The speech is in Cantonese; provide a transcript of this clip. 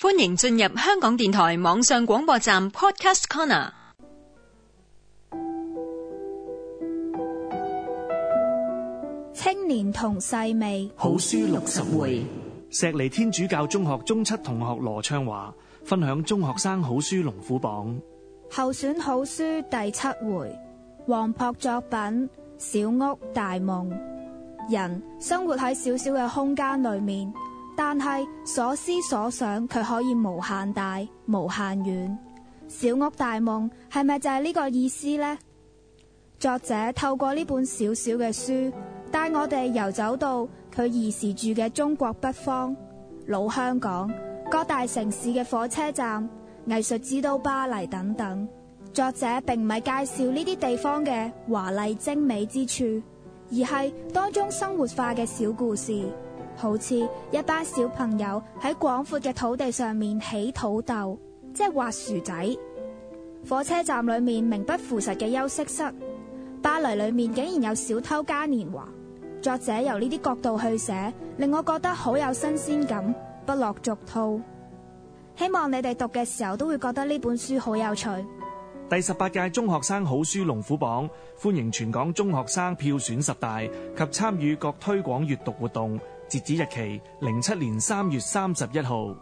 歡迎進入香港電台網上廣播站 Podcast Corner。青年同細味好書六十回，石籬天主教中學中七同學羅暢華分享中學生好書龍虎榜候選好書第七回，王璞作品《小屋大夢》，人生活喺小小嘅空間裏面。但係所思所想，佢可以無限大、無限遠。小屋大夢係咪就係呢個意思呢？作者透過呢本小小嘅書，帶我哋遊走到佢兒時住嘅中國北方、老香港、各大城市嘅火車站、藝術之都巴黎等等。作者並唔係介紹呢啲地方嘅華麗精美之處，而係當中生活化嘅小故事。好似一班小朋友喺廣闊嘅土地上面起土豆，即係挖薯仔。火車站裏面名不符實嘅休息室，巴黎裏面竟然有小偷嘉年華。作者由呢啲角度去寫，令我覺得好有新鮮感，不落俗套。希望你哋讀嘅時候都會覺得呢本書好有趣。第十八屆中學生好書龍虎榜，歡迎全港中學生票選十大及參與各推廣閱讀活動。截止日期：零七年三月三十一號。